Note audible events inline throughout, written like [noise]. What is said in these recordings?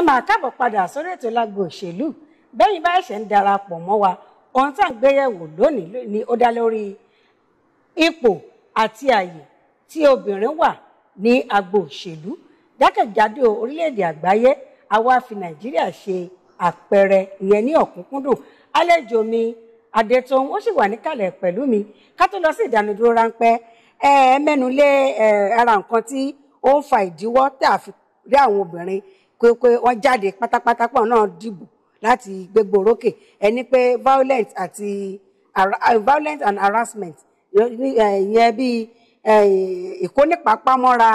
ẹ máa káàbọ̀ padà sórí ètò lágbo òṣèlú bẹ́yìn bá ẹ̀ṣẹ̀ ń darapọ̀ mọ́ wa ohun tá à ń gbéyẹ̀wò ni ó dá lórí ipò àti àyè tí obìnrin wà ní agbo òṣèlú jákèjádò orílẹ̀-èdè àgbáyé fi nàìjíríà ṣe àpẹẹrẹ ìyẹn ní ọ̀kúnkúndùn àlejò mi adétòun ó sì wà níkàlẹ̀ pẹ̀lú mi ká tó lọ sí ìdánudúró ráńpẹ́ ẹ mẹ́nu lé ara nǹkan tí ó ń fa ìdíwọ́ tá fi rí àwọn obìnrin pé wọ́n jáde pátápátá pọ̀ náà dìbò láti gbégbó rókè ẹni pé violent àti eh, violent and harassment eh, ìyẹn bíi eh, ìkónípapámọ́ra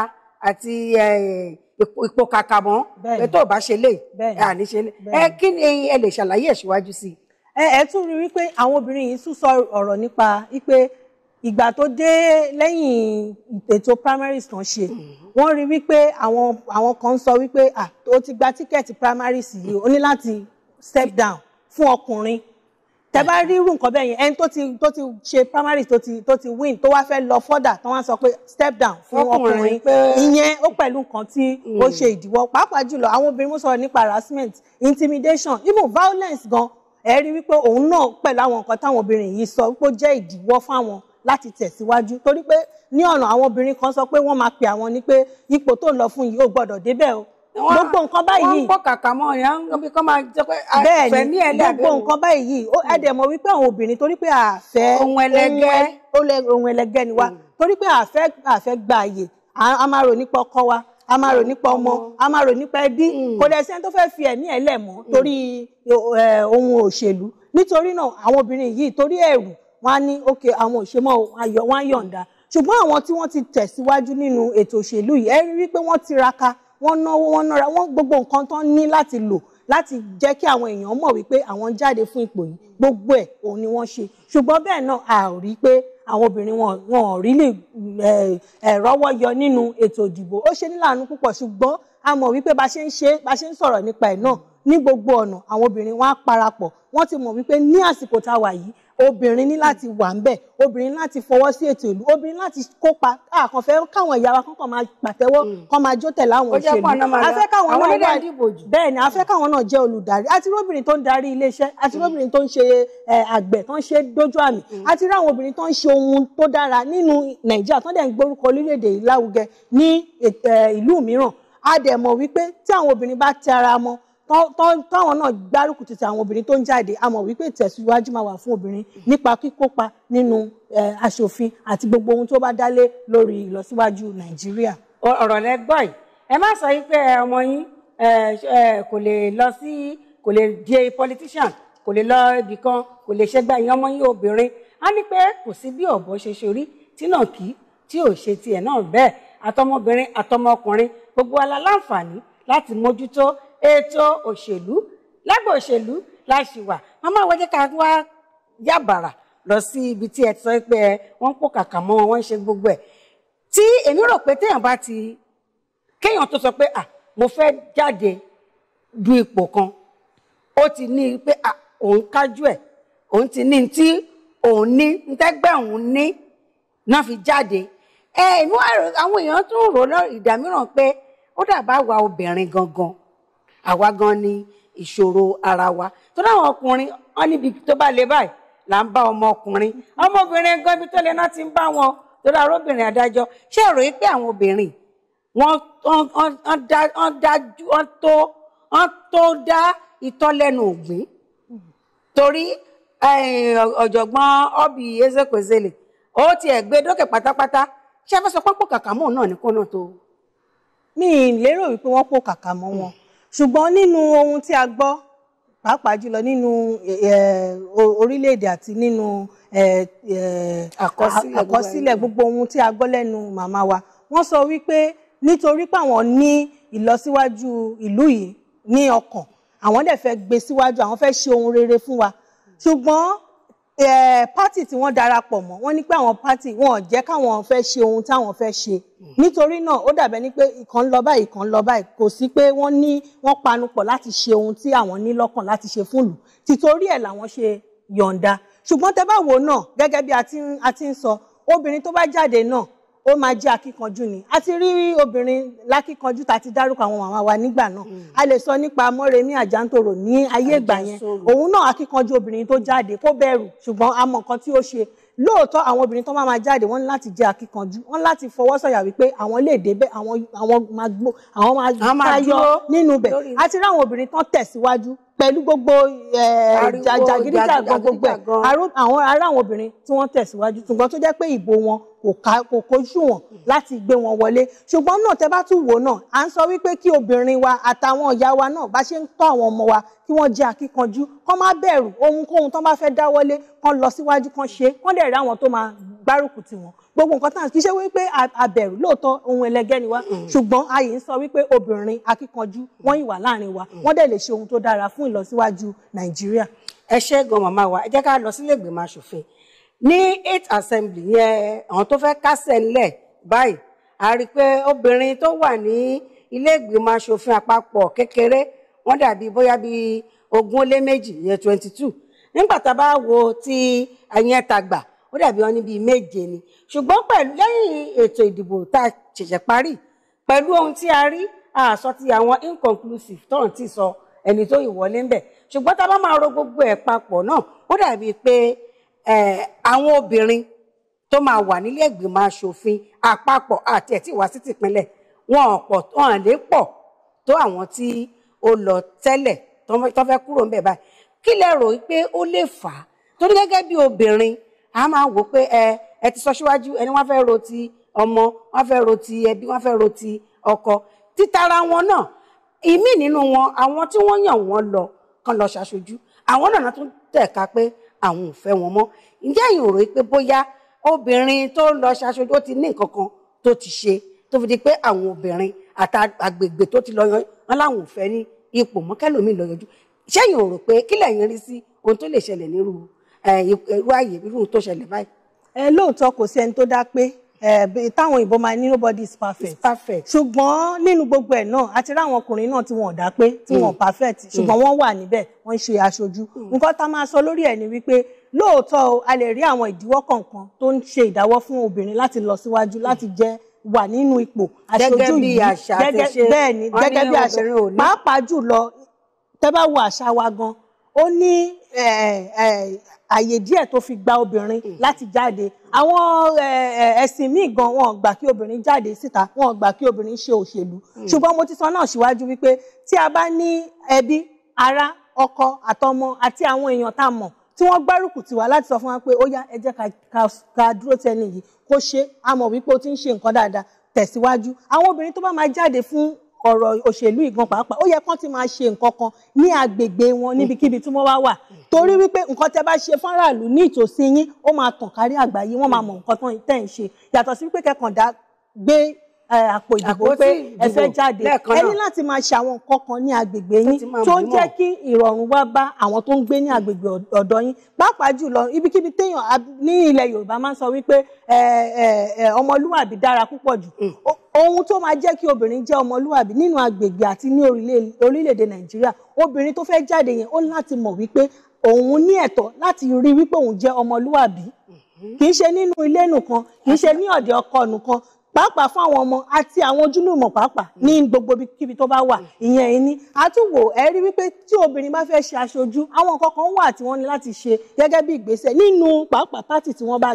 àti ipò kàkàmọ́ pé tó o bá ṣe lè àní ṣe lè ẹ kí ni ẹ lè ṣàlàyé ẹ̀ síwájú sí i. ẹ ẹ tún rí wípé àwọn obìnrin yìí tún sọ ọ̀rọ̀ nípa wípé ìgbà tó dé lẹ́yìn ètò primaries tán ṣe wọ́n rí wípé àwọn àwọn kan sọ wípé ah o ti gba tíkẹ́ẹ̀tì primaries yìí o ní láti step down fún ọkùnrin tẹ bá rí irú nǹkan bẹ́ẹ̀ yẹn ẹni tó ti tó ti ṣe primaries tó ti tó ti win tó wá fẹ́ lọ fọ́dà tán wá sọ pé step down fún ọkùnrin ìyẹn ó pẹ̀lú nǹkan tí ó hmm. ṣe ìdíwọ́ pàápàá jùlọ àwọn obìnrin mú sọ̀rọ̀ nípa harassment intimidation even violence gan ẹ rí wípé òun náà pẹ̀lú àwọn nǹkan táwọn obìnrin yìí sọ wípé ó jẹ́ ìdíwọ́ fáwọn láti tẹ̀síwájú torí pé ní ọ̀nà àwọn obìnrin kan sọ pé wọ́n máa pè àwọn ní pé ipò tó ń lọ fún yìí ó gbọ́dọ̀ débẹ̀ o gbogbo nǹkan báyìí wọ́n ń pọ̀ kàkà mọ́ ọ̀yà níbi kan máa jẹ́ pé àfẹ́ ní ẹ̀dá bẹ́ẹ̀ gbogbo nǹkan báyìí ẹ̀dẹ̀ mọ̀ wípé àwọn obìnrin torí pé àfẹ́ ohun ẹlẹgẹ́ ni wa hmm. torí pé àfẹ́ àfẹ́ gba àyè a máa rò nípa ọkọ wa a máa rò nípa ọmọ a máa rò nípa ẹbí hmm. kò dẹ̀ sẹ́ni tó fẹ́ fi ẹ̀mí ẹ̀ lẹ̀ mọ́ hmm. torí ohun òṣèlú nítorí náà àwọn obìnrin yìí torí ẹ̀rù wọ́n á ní ok àwọn òṣèmọ́ ayọ̀ wọ́n á yọ̀ǹda ṣùgbọ́n àwọn tí wọ́n ti tẹ̀síwájú nínú ètò òṣèlú yìí ẹ rí wípé wọ́n tiraka wọ́n náwó wọ́n nára wọ́n gbogbo nǹkan tán ní láti lò láti jẹ́ kí àwọn èèyàn mọ̀ wípé àwọn jáde fún ipò yìí gbogbo ẹ̀ òun ni wọ́n ṣe ṣùgbọ́n bẹ́ẹ̀ náà a ò rí pé àwọn obìnrin wọn wọn ò rí lè rọ́wọ́ yọ nínú ètò ìdìbò ó ṣe níláàánú púpọ̀ ṣùgbọ́n a mọ̀ wípé bá ṣe ń ṣe bá ṣe ń sọ̀rọ̀ nípa ẹ̀ náà ní gbogbo ọ̀nà àwọn obìnrin wọn á parapọ̀ wọ́n ti mọ̀ wípé ní àsìkò tá a wà yìí obìnrin ní láti wà ń bẹ̀ obìnrin ní láti fọwọ́ sí ètò ìlú obìnrin láti kópa àkànfẹ́ káwọn ìyá wa kan kàn máa pàtẹ́wọ́ hmm. kan máa jó tẹ̀lé àwọn òṣèlú afẹ́ káwọn náà wà bẹ́ẹ̀ ni afẹ́ káwọn náà jẹ́ olùdarí àti róbìnrin tó ń darí iléeṣẹ́ àti róbìnrin tó ń ṣe àgbẹ̀ tó ń ṣe dójú àmì àti hmm. ráwọn obìnrin tó ń ṣe ohun tó dára nínú Nàìjíríà tó dẹ̀ ń gbórúkọ orílẹ̀-èdè ìlú mìíràn a dẹ̀ mọ̀ wípé tí àwọn obìnrin bá tẹ ara mọ́ táwọn náà gbárùkù títí àwọn obìnrin tó ń jáde a mọ̀ wípé ìtẹ̀síwájú máa wà fún obìnrin nípa kíkópa nínú aṣòfin àti gbogbo ohun tó bá dálé lórí ìlọsíwájú nàìjíríà. ọ̀rọ̀ lẹ gbọ́ yìí ẹ má sọ wípé ọmọ yín kò lè lọ sí kò lè di politician kò lè lọ ibì kan kò lè ṣe gba ìyọmọ yín obìnrin á ní pé kò sí bí ọ̀bọ ṣe ṣe rí tí náà kì í tí ò ṣe tiẹ̀ náà bẹ́ẹ̀ àtọmọbìnrin àtọmọkùnrin gbogbo aláǹfààní láti mójútó ètò òṣèlú lágbọ̀ òṣèlú la ṣì wà màmá wa jẹ́ ká wá yàbàrà lọ sí ibi tí ẹ sọ pé wọ́n pò kàkà mọ́ wọn ṣe gbogbo ẹ̀ tí èmi rò pé téèyàn bá ti kéèyàn tó sọ pé à mo fẹ́ jáde du ipò kan ó ti ní pé à òun kájú ẹ̀ òun ti ní tí òun ní ntẹ́gbẹ́ òun ní náà fi jáde ẹ ìmú àwọn èèyàn tún rò lọ ìdá mìíràn pé ó dàbá wa obìnrin gangan àwa gan ni ìṣòro ara wa tó dáwọn ọkùnrin wọn níbi tó bá lè báyìí là ń bá ọmọkùnrin ọmọbìnrin gan ibi tó lè náà ti ń bá wọn tó dáa arúbìnrin adájọ́ ṣé èrò yìí pé àwọn obìnrin wọn tó dá ìtọ́lẹ́nu ògbìn torí eh, ọ̀jọ̀gbọ́n Obi Ezekwesili ó tiẹ̀ gbé dókè pátápátá ṣé ẹ fẹ́ sọ pé pò kàkà mọ́ náà ní kó náà tó. mi ì lérò wípé wọ́n pò kàkà mọ́ wọn. Mm ṣùgbọ́n nínú ohun tí a gbọ́ pàápàá jùlọ nínú orílẹ̀-èdè àti nínú àkọsílẹ̀ gbogbo ohun tí a gbọ́ lẹ́nu màmá wa wọ́n sọ wípé nítorí pé àwọn ní ìlọsíwájú ìlú yìí ní ọkàn àwọn dẹ̀ fẹ́ gbé síwájú àwọn fẹ́ ṣe ohun rere fún wa ṣùgbọ́n pátì tí wọ́n darapọ̀ mọ́ wọ́n ní pé àwọn pátì wọn ò jẹ́ káwọn fẹ́ ṣe ohun táwọn fẹ́ ṣe hmm. nítorí náà ó dàbẹ́ ni pé ìkan ń lọ báyìí ìkan ń lọ báyìí kò sí pé wọ́n ní wọ́n panupọ̀ láti ṣe ohun tí àwọn ní lọ́kàn láti ṣe fún ìlú títorí ẹ̀ làwọn ṣe yọ̀ǹda ṣùgbọ́n tẹ bá wò náà gẹ́gẹ́ bí a ti ń sọ obìnrin tó bá jáde náà ó máa jẹ́ akíkanjú ni a ti rí obìnrin lákíkanjú tá a ti dárúkọ àwọn màmá wa nígbà náà hmm. a lè sọ nípa Mọ́remí Àjàntòrò ní ayé ìgbà yẹn òun náà akíkanjú obìnrin tó jáde kó bẹ̀rù ṣùgbọ́n a mọ nǹkan tí ó ṣe lóòótọ́ àwọn obìnrin tó máa ma jáde wọ́n ní láti jẹ́ akíkanjú wọ́n láti fọwọ́ sọ̀yà wípé àwọn lè débẹ̀ àwọn máa gbó àwọn máa tayọ nínú bẹ̀ àti ráwọn obìnrin tán tẹ̀síwájú pẹ̀lú gbogbo jàgídíjà gbogbo àwọn ará àwọn obìnrin tí wọ́n tẹ̀síwájú ṣùgbọ́n tó jẹ́ pé ìbò wọn kò kojú wọn láti gbé wọn wọlé ṣùgbọ́n náà tẹ́ bá tún wò náà à ń sọ wípé kí obìnrin wa àtàwọn ìyá wa náà bá ṣe ń tọ́ àwọn ọmọ wa kí wọ́n jẹ́ akíkanjú kán má bẹ̀rù ohunkóhun tán bá fẹ́ dáwọ́lé kán lọ síwájú kán ṣe kán dẹ̀ rí àwọn tó máa gbárùkù tì gbogbo nǹkan tá à ń kí ṣe wípé abẹ̀rù lóòótọ́ ohun ẹlẹgẹ́ ni wá mm. ṣùgbọ́n ayé ń sọ wípé obìnrin akíkanjú wọ́n ìwà láàrin wa mm. wọ́n dẹ̀ lè ṣe ohun tó dára fún ìlọsíwájú nàìjíríà. ẹ ṣe gan màmá wa ẹ jẹ́ ká lọ sílé ìgbìmọ̀ aṣòfin ní eight assembly yẹn àwọn tó fẹ́ kásẹ̀ ńlẹ̀ báyìí a rí i pé obìnrin tó wà ní ilé ìgbìmọ̀ aṣòfin àpapọ̀ kékeré wọ́n dàbí bóyá bíi ogún ó lé méjì yẹn twenty two nígbà tá a bá wo ti ẹ̀yìn ẹ̀tàgbà ó dàbí wọn ní bíi méje ni ṣùgbọ́n pẹ̀lú lẹ́yìn ètò ìdìbò tá a ṣẹ̀ṣẹ̀ parí pẹ̀lú ohun tí a rí àsọ ti àwọn inconclusive tọ́run ti sọ ẹni tó ìwọlé ń bẹ̀ ṣùgbọ́n tá a bá máa ro gbogbo ẹ̀ papọ̀ náà ó dàbí pé àwọn obìnrin tó máa wà nílé ìgbìmọ̀ aṣòfin àpapọ̀ àti ẹ̀ tí wá sí tìpínlẹ̀ wọn ọ̀pọ̀ wọn lè pọ̀ tó àwọn tí ó lọ tẹ́lẹ̀ tó fẹ́ kúrò ń bẹ̀ báyìí kí lẹ rò pé ó lè fà á torí gẹ́gẹ́ bí obìnrin a máa wò pé ẹ ẹ ti sọ síwájú ẹni wọ́n fẹ́ ro ti ọmọ wọ́n fẹ́ ro ti ẹbí wọ́n fẹ́ ro ti ọkọ títara wọn náà ìmí nínú wọn àwọn tí wọ́n yàn wọ́n lọ kan lọ ṣàṣojú àwọn náà tún tẹ̀ka pé àwọn ò fẹ́ wọn mọ́ ǹjẹ́ ẹ̀yin ò rò pé bóyá obìnrin tó lọ ṣàṣojú ó ti ní nǹkan kan tó ti ṣe tó fi di pé àwọn obìnrin àti agbègbè tó ti lọ yan wọn láwọn ò fẹ́ ní ipò mọ́kẹ́lòmíì lọ yọjú ṣẹ́yìn ò rò pé kílẹ̀ yẹn rí sí ohun tó lè ṣẹlẹ̀ nírú irú àyè irú tó ṣẹlẹ̀ báyìí. ẹ lóòótọ́ kò sí ẹni tó dá pé táwọn ìbọn máa ní nobody is perfect perfect ṣùgbọ́n nínú gbogbo ẹ̀ náà àti ráwọn ọkùnrin náà tí wọn ò dá pé tí wọn ò mm. perfect mm. ṣùgbọ́n wọ́n wà níbẹ̀ wọ́n ń ṣe aṣojú mm. nǹkan tá a máa sọ lórí ẹ̀ ni wípé lóòótọ́ a lè rí àwọn ìdíwọ́ kọ̀ọ̀kan tó ń ṣe ìdáwọ́ fún obìnrin láti lọ síwájú láti jẹ́ wà nínú ipò aṣojú yìí gẹ́gẹ́ bí àṣà bẹ́ẹ̀ ni gẹ́gẹ́ bí àṣà pàápàá jùlọ tẹ́ bá ó ní àyè díẹ̀ tó fi gba obìnrin mm. láti jáde àwọn ẹ̀sìn míì gan wọn gbà kí obìnrin jáde síta wọn gbà kí obìnrin ṣe òṣèlú mm. ṣùgbọ́n mo ti sọ náà síwájú wípé tí a bá ní ẹbí ará ọkọ àtọmọ àti àwọn èèyàn tá a mọ̀ tí wọ́n gbárùkù tì wá láti sọ fún wa pé ó yá ẹ jẹ́ ká dúró tẹni yìí kó ṣe a mọ̀ wípé ó ti ń ṣe nǹkan dáadáa tẹ̀síwájú àwọn obìnrin tó bá máa jáde fún ọ̀rọ̀ òṣèlú ìgan pàápàá ó yẹ kán ti máa ṣe nǹkan kan ní agbègbè wọn hmm. níbikíbi tí wọ́n wá wà torí wípé nǹkan tẹ́ bá ṣe fáráàlú ní ìtòsí yín ó máa tàn kárí àgbáyé wọ́n máa mọ nǹkan tán tẹ́ ń ṣe yàtọ̀ sí wípé kẹkàndá gbé àpò ìdìbò pé ẹ fẹ́ jáde ẹ ní láti máa ṣe àwọn nǹkan kan ní agbègbè yín tó ń jẹ́ kí ìrọ̀rùn wá bá àwọn tó ń gbé ní agbègbè ọ̀dọ̀ yín pàápàá jùlọ ibikíbi téèyàn ní ilẹ̀ Yorùbá máa ń sọ wípé ọmọlúwàbí dára púpọ̀ jù hmm ohun tó máa jẹ́ kí obìnrin jẹ́ ọmọlúwàbí nínú agbègbè àti ní orílẹ̀-èdè nàìjíríà obìnrin tó fẹ́ jáde yẹn ó láti mọ̀ wípé òun ní ẹ̀tọ́ láti rí wípé òun jẹ́ ọmọlúwàbí mm-hmm. kì í ṣe nínú ilé nìkan kì í ṣe ní ọ̀dẹ̀ ọkọ nìkan pàápàá fún àwọn ọmọ àti àwọn ojúlùmọ̀ pàápàá ní mm. gbogbo kíbi tó bá wà mm. ìyẹn ẹni àtúwò ẹ rí wípé tí obìnrin bá fẹ́ ṣe aṣojú àwọn nǹkan kan wà tí wọ́n ní láti ṣe gẹ́gẹ́ bí ìgbésẹ̀ nínú pàápàá pátì tí wọ́n bá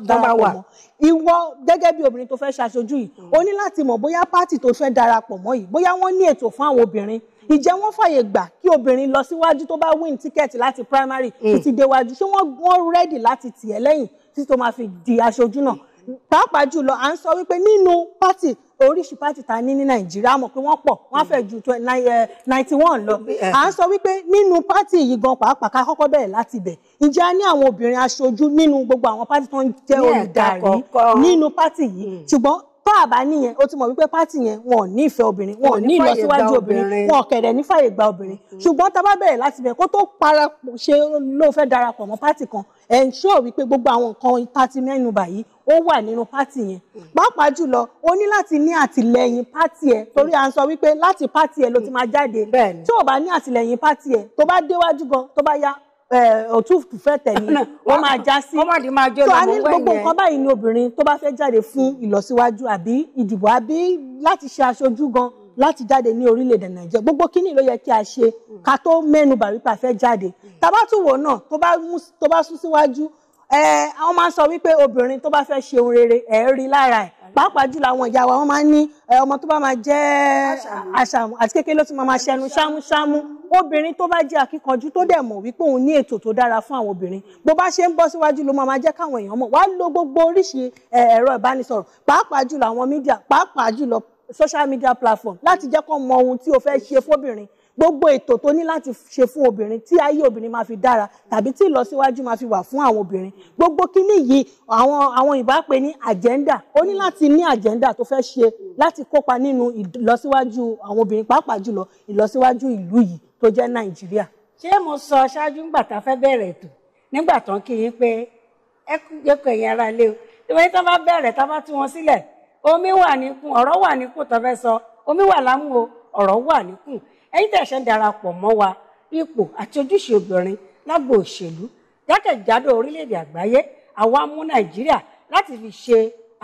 darapọ̀ mọ́ ìwọ gẹ́gẹ́ bí obìnrin tó fẹ́ ṣe aṣojú yìí mm. o ní láti mọ̀ bóyá pátì tó fẹ́ darapọ̀ mọ́ yìí bóyá wọ́n ní ètò fún àwọn obìnrin ìjẹ́ wọ́n fàyè gbà kí obìnrin lọ síwájú tó bá win ticket láti primary títí déwájú ṣé wọ́n wọ́n rẹ́dì láti tì ẹ́ lẹ́yìn títí tó máa fi di aṣojú náà pàápàá jùlọ à ń sọ wípé nínú pátì oríṣi pátì tá a ní ní nàìjíríà mọ̀ pé wọ́n pọ̀ wọ́n fẹ́ ju eh, ninety one lọ eh. à ń sọ wípé nínú pátì yìí gan pàápàá ká kọ́kọ́ bẹ̀rẹ̀ láti ibẹ̀ ǹjẹ́ a ní àwọn obìnrin aṣojú nínú gbogbo àwọn pátì tó ń jẹ́ olùdarí nínú pátì yìí hmm. ṣùgbọ́n tá a bá níyẹn o ti mọ̀ wípé pátì yẹn wọn ò ní ìfẹ́ obìnrin wọn ò ní ìlọsíwájú obìnrin wọn ò kẹ̀dẹ̀ ní fàyè gba obìnrin mm-hmm. ṣùgbọ́n tá a bá bẹ̀rẹ̀ láti bẹ̀ kó tó para ṣe ló fẹ́ darapọ̀ mọ́ pátì kan ẹ̀ ń ṣọ́ wípé gbogbo àwọn nǹkan tá a ti mẹ́nu bà yìí ó wà nínú pátì yẹn mm. pàápàá jùlọ o ní láti ní àtìlẹyìn pátì ẹ torí à ń sọ wípé láti pátì ẹ ló ti mm. máa jáde tí ò bá ní àtìlẹyìn pátì ẹ tó bá déwájú gan tó bá yá òtútù fẹ́ tẹ̀lé [laughs] wọ́n máa já sí tó a ní gbogbo nǹkan báyìí ni obìnrin tó bá fẹ́ jáde fún ìlọsíwájú àbí ìdìbò àbí láti ṣe aṣojú gan láti jáde ní orílẹ̀-èdè nàìjíríà gbogbo kíní ló yẹ kí a ṣe ká tó mẹ́nu bàrípà fẹ́ jáde tá bá tún wò náà tó bá sún síwájú àwọn máa ń sọ wípé obìnrin tó bá fẹ́ ṣe ohun rere ẹ̀ rí lára ẹ̀ pàápàá jùlọ àwọn ìyá wa wọ́n máa ń ní ọmọ tó bá máa jẹ́ àṣàmù àti kékeré ló ti máa máa ṣẹnu ṣámúṣámú obìnrin tó bá jẹ́ akíkanjú tó dẹ̀ mọ̀ wípé òun ní ètò tó dára fún àwọn obìnrin bó bá ṣe ń bọ́ síwájú ló máa jẹ́ káwọn èèyàn mọ̀ wá lo gbogbo oríṣi ẹ̀rọ ìbánisọ̀rọ̀ pàápàá jùlọ àwọn mídíà pàápàá jùlọ social media platform láti jẹ́ kó mọ ohun tí o fẹ́ ṣe fóbìnrin gbogbo ètò tó ní láti ṣe fún obìnrin tí ayé obìnrin máa fi dára tàbí tí ìlọsíwájú máa fi wà fún àwọn obìnrin gbogbo kíní yìí àwọn àwọn ìbá ní agenda ó ní láti ní agenda tó fẹ́ ṣe láti kópa nínú ìlọsíwájú àwọn obìnrin pàápàá jùlọ ìlọsíwájú ìlú yìí tó jẹ́ nàìjíríà. ṣé mo sọ ṣáájú ńgbà tá a fẹ́ bẹ̀rẹ̀ ètò nígbà tán kí yín pé ẹ kú jẹ́kọ̀ ẹ̀yìn ara lé o ìwé tán bá bẹ̀rẹ̀ tá a bá tú wọn sílẹ̀ omi wà níkùn ẹ̀yin tẹ̀ ṣe ń darapọ̀ mọ́ wa ipò àti ojúṣe obìnrin lágbo òṣèlú jákèjádò orílẹ̀-èdè àgbáyé àwa mú nàìjíríà láti fi ṣe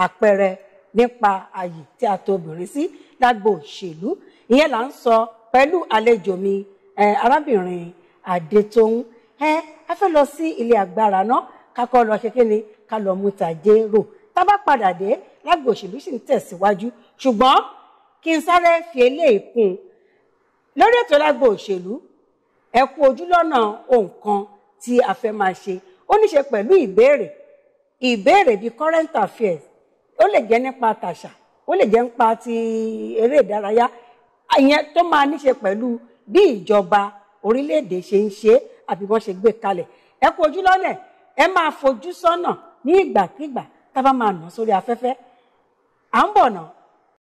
àpẹẹrẹ nípa ààyè tí a tò obìnrin sí lágbo òṣèlú ìyẹn là ń sọ pẹ̀lú àlejò mi arábìnrin adétóhùn ẹ a fẹ́ lọ sí ilé agbára náà kakọ́ lọ ṣe kíni ká lọ mú tàjérò tá a padà dé lágbo òṣèlú sì ń tẹ̀síwájú ṣùgbọ́n kí n sáré fi eléyìí kún un lórí ètò lágbo òṣèlú ẹ kú ojúlọ́nà nǹkan tí a fẹ́ máa ṣe ó ní ṣe pẹ̀lú ìbéèrè ìbéèrè bíi current affairs ó lè jẹ́ nípa tàṣà ó lè jẹ́ nípa ti eré ìdárayá ìyẹn tó máa ní ṣe pẹ̀lú bí ìjọba orílẹ̀-èdè ṣe ń ṣe àbí wọ́n ṣe gbé kalẹ̀ ẹ kú ojúlọ́nà ẹ máa fojú sọ́nà ní ìgbàkigbà tá a bá máa nà sórí afẹ́fẹ́ à ń bọ̀ náà.